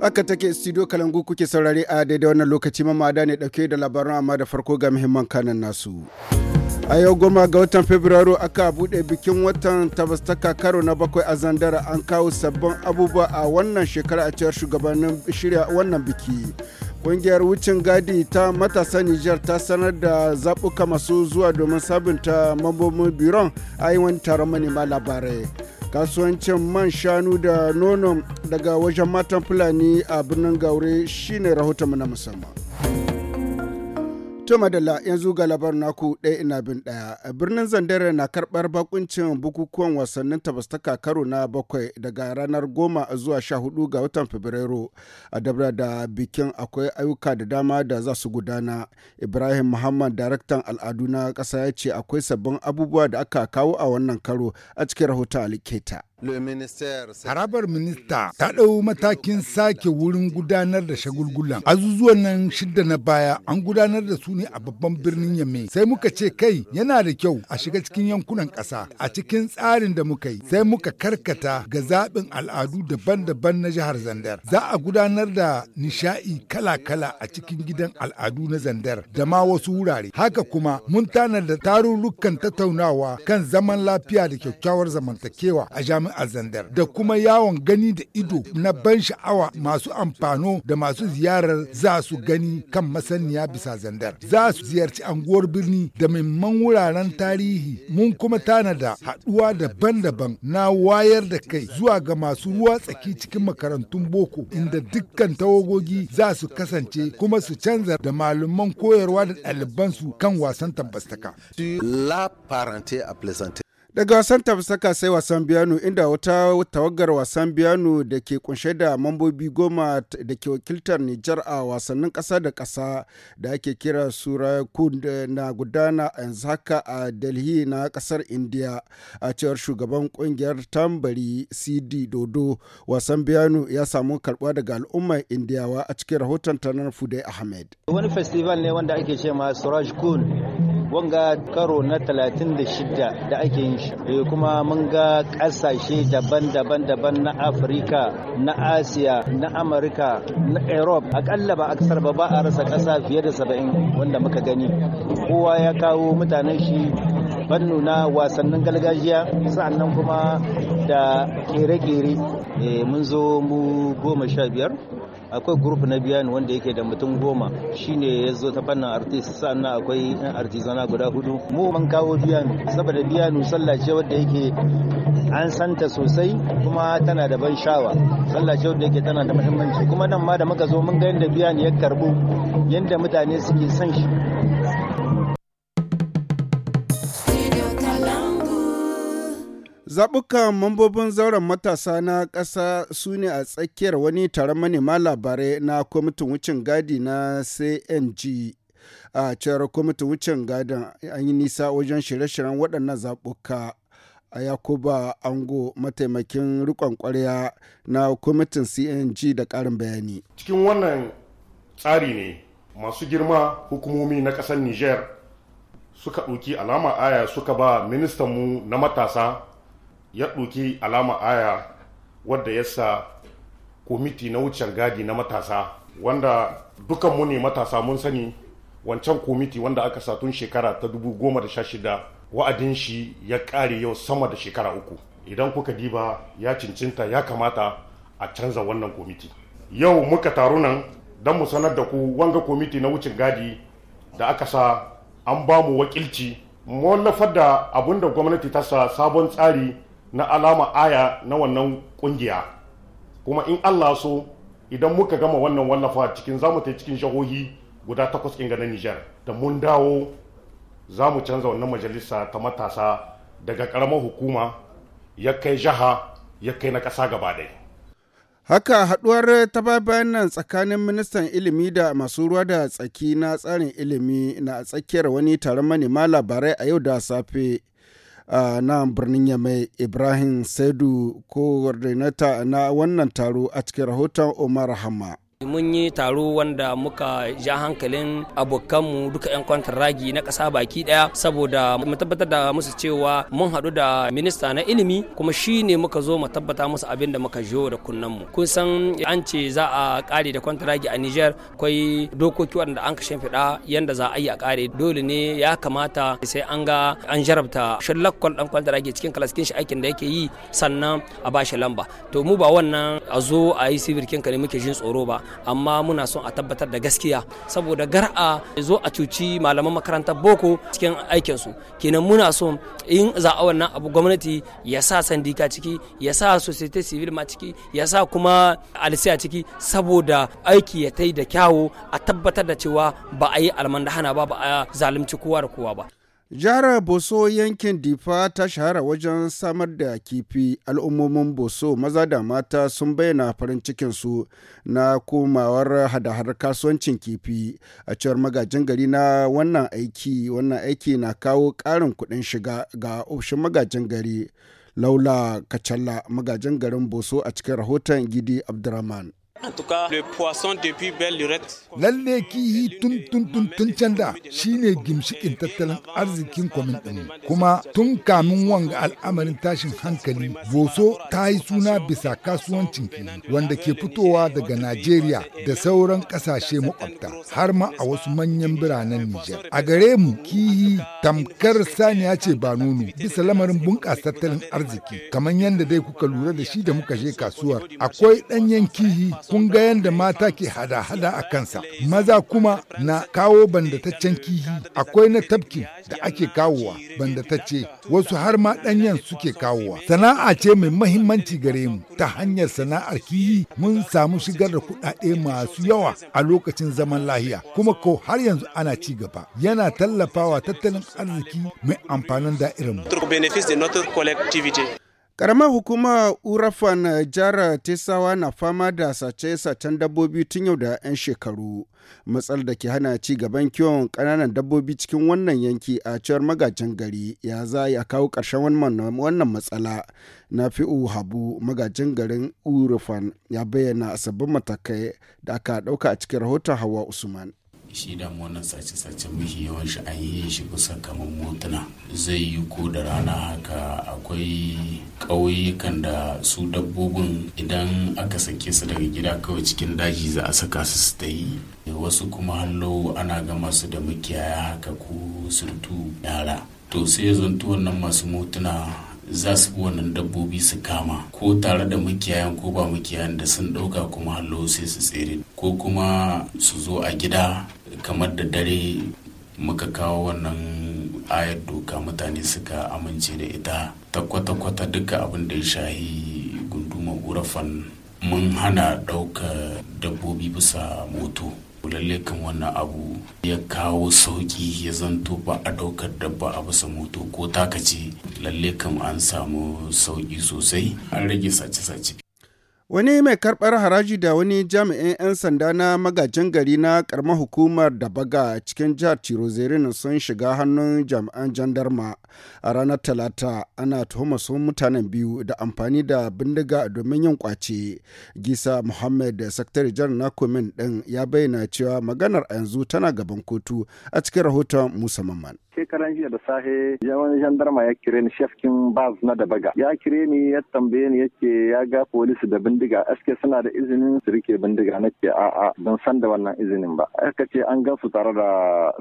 Aka take studio kalangu kuke saurare a daidai wannan lokaci mamada ne dauke da labaran amma da farko ga muhimman kanan nasu. a yau goma ga watan fabrairu aka bude bikin watan tabastaka karo na bakwai a zandara an kawo sabbin abubuwa a wannan shekara a cewar shugabannin shirya wannan biki Ƙungiyar wucin gadi ta matasa Nijar ta sanar da zaɓuka masu zuwa domin sabunta mambobin biron a yi wani taron manema labarai. Kasuwancin man shanu da nono daga wajen matan Fulani a birnin Gaure shine rahoton na musamman. To madalla yanzu ga labar naku ɗaya ina bin ɗaya. Birnin Zandare na karɓar bakuncin bukukuwan wasannin tabastaka karo na bakwai daga ranar goma zuwa sha hudu ga watan Fabrairu. A dabra da bikin akwai ayyuka da dama da za su gudana. Ibrahim Muhammad daraktan al'adu na ƙasa ya ce akwai sabbin abubuwa da aka kawo a wannan karo a cikin rahoton Aliketa. Harabar minista ta ɗau matakin sake wurin gudanar da shagulgulan. Azuzuwan nan shidda na baya an gudanar da su ne a babban birnin Yamme. Sai muka ce kai yana da kyau a shiga cikin yankunan ƙasa a cikin tsarin da muka yi. Sai muka karkata ga zaɓin al'adu daban-daban na jihar Zandar. Za a gudanar da nishaɗi kala-kala a cikin gidan al'adu na Zandar da ma wasu wurare. Haka kuma mun tanar da tarurrukan tattaunawa kan zaman lafiya da kyakkyawar zamantakewa a jami'a a Zandar da kuma yawon gani da ido na ban sha'awa masu amfano da masu ziyarar za su gani kan masaniya bisa Zandar. Za su ziyarci anguwar birni da mimman wuraren tarihi mun kuma tanada haɗuwa daban-daban na wayar da kai zuwa ga masu ruwa tsaki cikin makarantun boko inda dukkan tawagogi za su kasance kuma su canza da malaman koyarwa da ɗalibansu kan wasan tabbastaka. La parenté a plaisanter. Daga wasan tafisaka sai wasan biyanu inda wata tawagar wasan biyanu da ke kunshe da mambobi goma da ke wakiltar Nijar a wasannin kasa da kasa da ake kira Sura Kund na gudana yanzu haka a Delhi na kasar India a cewar shugaban kungiyar tambari CD Dodo wasan biyanu ya samu karba daga al'ummar Indiyawa a cikin rahoton tanar fudai Ahmed. Wani festival ne wanda ake ce ma Suraj Kun wanga karo na 36 da ake yin shi eh, kuma mun ga ƙasashe daban-daban daban na afirka na asiya na amurka na europe akalla ba aksar ba ba a rasa ƙasa fiye da 70 wanda muka gani kowa ya kawo mutanen shi bannu na wasannin gargajiya sa'annan kuma da kere-kere eh, mun zo mu goma sha biyar akwai grup na biyan wanda yake da mutum goma shine ya zo ta fannin artist sannan akwai yan artizana guda hudu mu man kawo biyan saboda biyanu sallah ce wadda yake an santa sosai kuma tana da ban shawa sallah ce wadda yake tana da muhimmanci kuma nan ma da muka zo mun ga yadda biyan ya karbu yadda mutane suke son shi Zaɓukan mambobin zauren matasa na ƙasa su ne a tsakiyar wani taron manema labarai na kwamitin wucin gadi na CNG. A cewar kwamitin wucin gadin an yi nisa wajen shirye-shiryen waɗannan zaɓuka. a yakuba ango mataimakin rikon kwarya na kwamitin cng da ƙarin bayani cikin wannan tsari ne masu girma hukumomi na ƙasar niger suka ɗauki alama aya suka ba ministanmu na matasa ya ɗauki alama aya wadda ya sa komiti na wucin gadi na matasa wanda dukanmu ne matasa mun sani wancan komiti wanda aka sa tun shekara ta dubu goma da sha shida wa'adin shi ya ƙare yau sama da shekara uku idan kuka diba ya cincinta ya kamata a canza wannan komiti yau muka taru nan don mu sanar da ku wanga komiti na wucin gadi da aka sa an ba mu wakilci mallafar da abun da gwamnati ta sa sabon tsari na alama aya na wannan kungiya kuma in allah so idan muka gama wannan wallafa cikin zamu ta cikin shahohi guda takwas kin na nijar da mun dawo za mu canza wannan majalisa ta matasa daga karamar hukuma ya kai jaha ya kai na ƙasa gaba ɗaya Haka haɗuwar ta bayan nan tsakanin ministan ilimi da masu ruwa da tsaki na tsarin ilimi na tsakiyar wani taron manema labarai a yau da safe a nan birnin Yamai Ibrahim Saidu ko na wannan taro a cikin rahoton Omar hamma. mun yi taro wanda muka ja hankalin abokanmu duka 'yan ragi na ƙasa baki ɗaya saboda mu tabbatar da musu cewa mun haɗu da minista na ilimi kuma shi ne muka zo mu tabbata musu abin da muka jiyo da kunnanmu kun san an ce za a ƙare da ragi a nijar kwai dokoki wanda an kashe fiɗa yanda za a yi a ƙare dole ne ya kamata sai an ga an jarabta shallakwal ɗan ragi cikin kalaskin shi aikin da yake yi sannan a bashi lamba to mu ba wannan a zo a yi sibirkin ka ne muke jin tsoro ba amma muna son a tabbatar da gaskiya saboda gar'a zo a cuci malaman makarantar boko cikin aikinsu kenan muna son in za a wannan abu gwamnati ya sa sandika ciki ya sa societe civil ma ciki ya sa kuma alisiya ciki saboda aiki ya tai da kyawu a tabbatar da cewa ba a yi almandahana ba ba a zalunci kowa da kowa ba Jihar Boso yankin Difa ta shahara wajen samar da kifi al'ummomin Boso maza da mata sun bayyana farin cikinsu na komawar hada-hadar kasuwancin kifi a cewar magajin gari na wannan aiki wannan aiki na kawo ƙarin kuɗin shiga ga ofishin magajin gari Laula Kacalla magajin garin Boso a cikin rahoton Gidi Abdurrahman. En tout cas, kihi tun tun tun tun can da shine gimshikin tattalin arzikin kwamin ɗin. Kuma tun kamin wanga al'amarin tashin hankali, Boso ta yi suna bisa kasuwancin kihi wanda ke fitowa daga Najeriya da sauran ƙasashe makwabta har ma a wasu manyan biranen Nijar. A gare mu kihi tamkar saniya ce ba nono bisa lamarin bunƙasa tattalin arziki kamar yadda dai kuka lura da shi da muka je kasuwar akwai ɗanyen kihi kun ga yadda mata ke hada-hada a kansa maza kuma na kawo bandataccen kihi akwai na tafki da ake kawowa bandatacce wasu har ma danyen suke kawowa sana'a ce mai mahimmanci gare mu ta hanyar sana'ar kihi mun samu shigar da kuɗaɗe masu yawa a lokacin zaman lahiya kuma ko har yanzu ana ci gaba yana tallafawa tattalin arziki mai amfanin mu. karamar hukumar Urafan jihar Tesawa na fama da sace-sacen dabbobi tun yau da 'yan shekaru. Matsal da ke hana ci gaban kiwon kananan dabbobi cikin wannan yanki a cewar magajin gari ya za a kawo ƙarshen wannan matsala. Na fi'u habu magajin garin Urufan ya bayyana sabbin matakai da aka ɗauka a cikin rahoton Hawa Usman. shi da wannan sace-sace mafi yawan shi an yi shi kusa kamar motuna zai yi ko da rana haka akwai ƙauyukan da su dabbobin idan aka sake su daga gida kawai cikin daji za a saka su su ta yi wasu kuma hallo ana gama su da makiyaya haka ko surtu yara to sai zanto wannan masu motuna za su bi wannan dabbobi su kama ko tare da makiyayan ko ba makiyayan da sun ɗauka kuma hallo sai su tsere ko kuma su zo a gida kamar da dare muka kawo wannan ayar doka mutane suka amince da ita ta kwata-kwata duka abin da ya shahi gunduma urafan mun hana ɗaukar dabbobi bisa moto lalle kan wannan abu ya kawo sauƙi ya zanto ba a daukar dabba a bisa moto ko takaci lalle kan an samu sauƙi sosai an rage sace-sace Wani mai karɓar haraji da wani jami'in 'yan sanda na magajin gari na karamar hukumar da baga cikin jihar Tirozerin sun shiga hannun jami'an jandarma a ranar Talata ana tuhuma su mutanen biyu da amfani da bindiga domin yin kwace. Gisa Muhammad da Sakatare Jar na Komin ɗin ya bayyana cewa maganar a yanzu tana gaban kotu a cikin rahoton Musa Maman. shekaran jiya da safe yawan jandarma ya kire ni shafkin baz na da baga ya kire ni ya tambaye ni yake ya ga polisi da bindiga aske suna da izinin su rike bindiga na a a ban san da wannan izinin ba aka ce an gan su tare da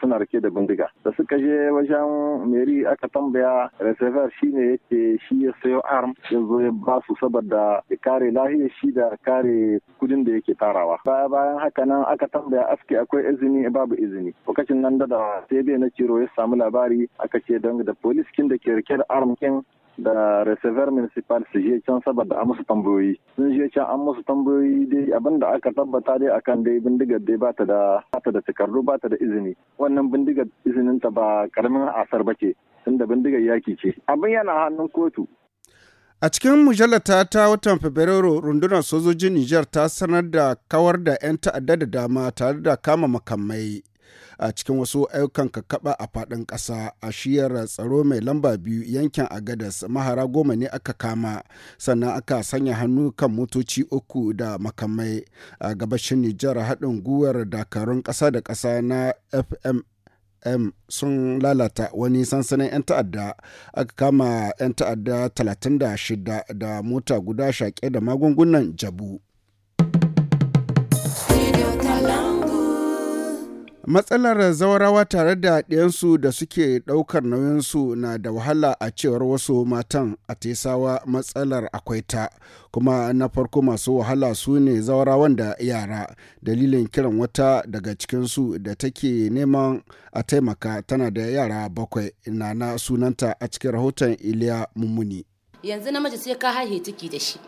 suna rike da bindiga da suka je wajen meri aka tambaya receiver shine yake shi ya sayo arm ya zo ya ba su saboda ya kare lahiyar shi da kare kudin da yake tarawa baya bayan haka nan aka tambaya aske akwai izini babu izini lokacin nan da sai bai na ciro ya samu labari aka ce don da poliskin da ke rike da armkin da reservoir municipal su je can saboda a musu tambayoyi sun je can an musu tambayoyi dai abinda aka tabbata dai akan dai bindigar dai bata da bata da takardu bata da izini wannan bindigar izinin ta ba karamin asar bace tunda bindigar yaki ce abin yana hannun kotu A cikin mujallata ta watan Fabrairu rundunar sojojin Nijar ta sanar da kawar da 'yan ta'adda da dama tare da kama makamai. a cikin wasu ayyukan kakaba a fadin kasa a shiyar tsaro mai lamba biyu yankin agadas mahara goma ne aka kama sannan aka sanya hannu kan motoci uku da makamai a gabashin nijar haɗin guwar dakarun ƙasa da ƙasa na fm m sun lalata wani sansanin 'yan ta'adda aka kama 'yan ta'adda 36 da mota guda shaƙe da magungunan jabu. matsalar zawarawa tare da ɗiyansu da suke ɗaukar nauyinsu na da wahala a cewar wasu matan a tesawa matsalar akwai ta kuma na farko masu wahala su ne zawarawan da yara dalilin kiran wata daga cikinsu da take neman a taimaka tana da yara bakwai na na sunanta a cikin rahoton iliya mummuni yanzu namiji sai ka haihe ciki da shi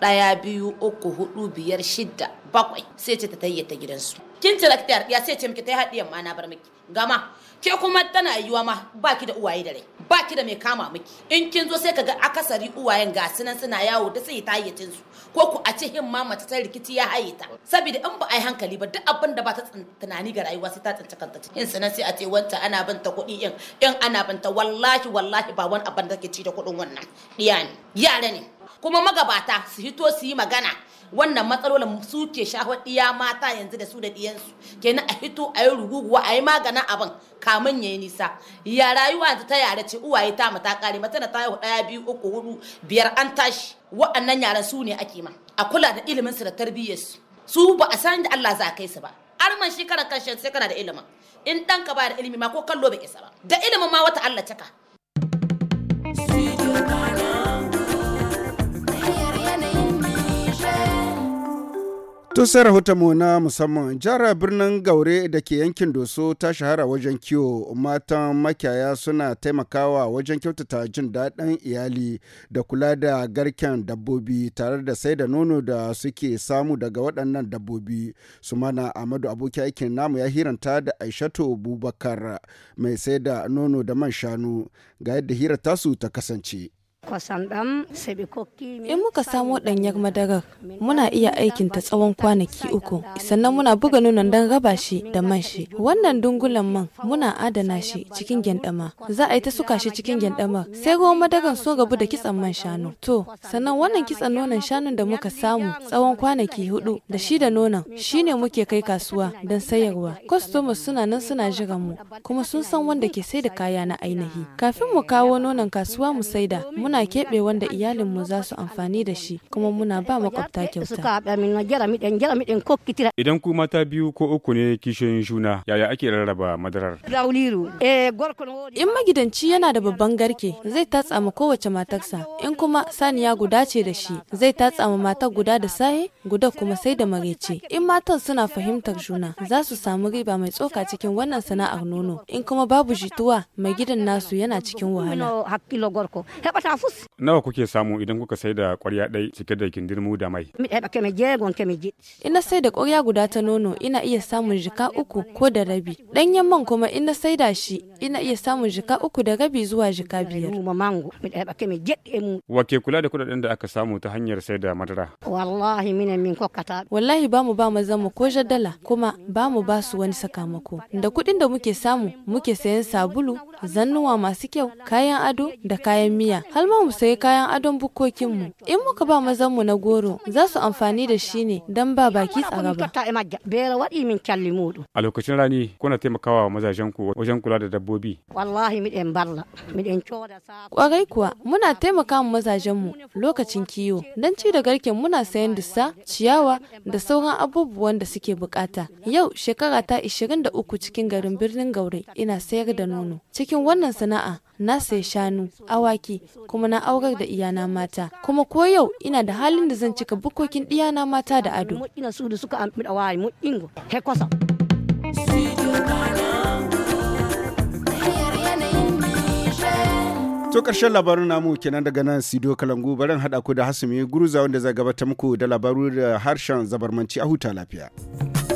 ɗaya biyu uku hudu biyar shidda bakwai sai ce ta tayyata gidansu kin ci rakta ya sai ce miki ta haɗiyan ma na bar miki gama ke kuma tana yiwa ma baki da uwaye da rai baki da mai kama miki in kin zo sai kaga akasari uwayen ga sunan suna yawo da sai ta yi su ko ku a ce ma mace ta rikici ya haye ta saboda in ba a yi hankali ba duk abin da ba ta tunani ga rayuwa sai ta tsinci kanta in sanan sai a ce wanta ana bin ta kuɗi in in ana bin ta wallahi wallahi ba wani abin da take ci da kuɗin wannan diya ne yara ne kuma magabata su hito su yi magana wannan matsalolin su ke shahwar ɗiya mata yanzu da su da ɗiyansu kenan a hito a yi ruguguwa a yi maganin abin kamun ya yi nisa ya rayuwa yanzu ta yare ce uwaye ta mata kare mata na tayo ɗaya biyu uku hudu biyar an tashi wa'annan yaran su ne ake ma a kula da ilimin su da tarbiyyar su ba a san da Allah za a kai su ba arman shi kan sai kana da ilimin in ɗanka ba da ilimi ma ko kallo bai isa ba da ilimin ma wata Allah caka tusa sai mu na musamman jihar birnin Gaure da ke yankin Doso ta shahara wajen kiwo matan makiyaya suna taimakawa wajen kyautata jin daɗin iyali da kula da garken dabbobi tare da sai da nono da suke samu daga waɗannan dabbobi. su mana Ahmadu aboki aikin namu ya hiranta da Aishatu Bubakar mai sai da nono da man shanu ga yadda hira tasu ta kasance. In muka samu ɗanyar madarar, muna iya aikin ta tsawon kwanaki uku, sannan muna buga nunan don raba shi da man shi. Wannan dungulan man muna adana shi cikin gyandama. Za a yi ta suka shi cikin gyanɗamar. sai ruwan madarar sun rabu da kitsan man shanu. To, sannan wannan kitsan nonon shanun da muka samu tsawon kwanaki hudu da shi da nonon shi ne muke kai kasuwa don sayarwa. Kwastomas suna nan suna jiran mu, kuma sun san wanda ke sai da kaya na ainihi. Kafin mu kawo nonon kasuwa mu saida, muna Muna keɓe wanda iyalinmu za su amfani da shi kuma muna ba makwabta kyauta. Idan ku mata biyu ko uku ne kishiyoyin juna yaya ake rarraba madarar? Eh, in magidanci yana da babban garke zai tatsa ma kowace matarsa in kuma saniya guda ce da shi zai tatsa ma matar guda da saye guda kuma sai da marece. In matan suna fahimtar juna za su samu riba mai tsoka cikin wannan sana'ar nono in kuma babu jituwa mai gidan nasu yana cikin wahala. fus. Nawa kuke samu idan kuka sai da ƙwarya ɗai cike da kindirmu da mai? Ina sai da ƙwarya guda ta nono ina iya samun jika uku ko da rabi. Ɗanyen man kuma ina sai da shi ina iya samun jika uku da rabi zuwa jika biyar. Wake eh, kula da kuɗaɗen da aka samu ta hanyar sai da madara? Wallahi mina min kokata. Wallahi ba mu ba mu zama ko jadala kuma ba mu ba su wani sakamako. Da kuɗin da muke samu muke sayan sabulu, zannuwa masu kyau, kayan ado da kayan miya. Har ma mu sayi kayan adon bukokinmu. In muka ba mazanmu na goro, za su amfani da shi ne don ba baki tsara ba. A lokacin rani, kuna taimakawa mazajen ku wajen kula da dabbobi. Kwarai kuwa, muna taimakawa mu lokacin kiwo. Don ci da garken muna sayan dusa ciyawa da sauran abubuwan da suke bukata. Yau shekara ta 23 cikin garin birnin Gaure ina sayar da nono. Cikin wannan sana'a na sai shanu awaki kuma na aurar da iyana mata kuma ko yau ina da halin da zan cika bukokin iyana mata da ado To ƙarshen labarun namu kenan daga nan Sido Kalangu barin hada ku da Hasumi Guruza wanda zai gabatar muku da labaru da harshen zabarmanci a huta lafiya.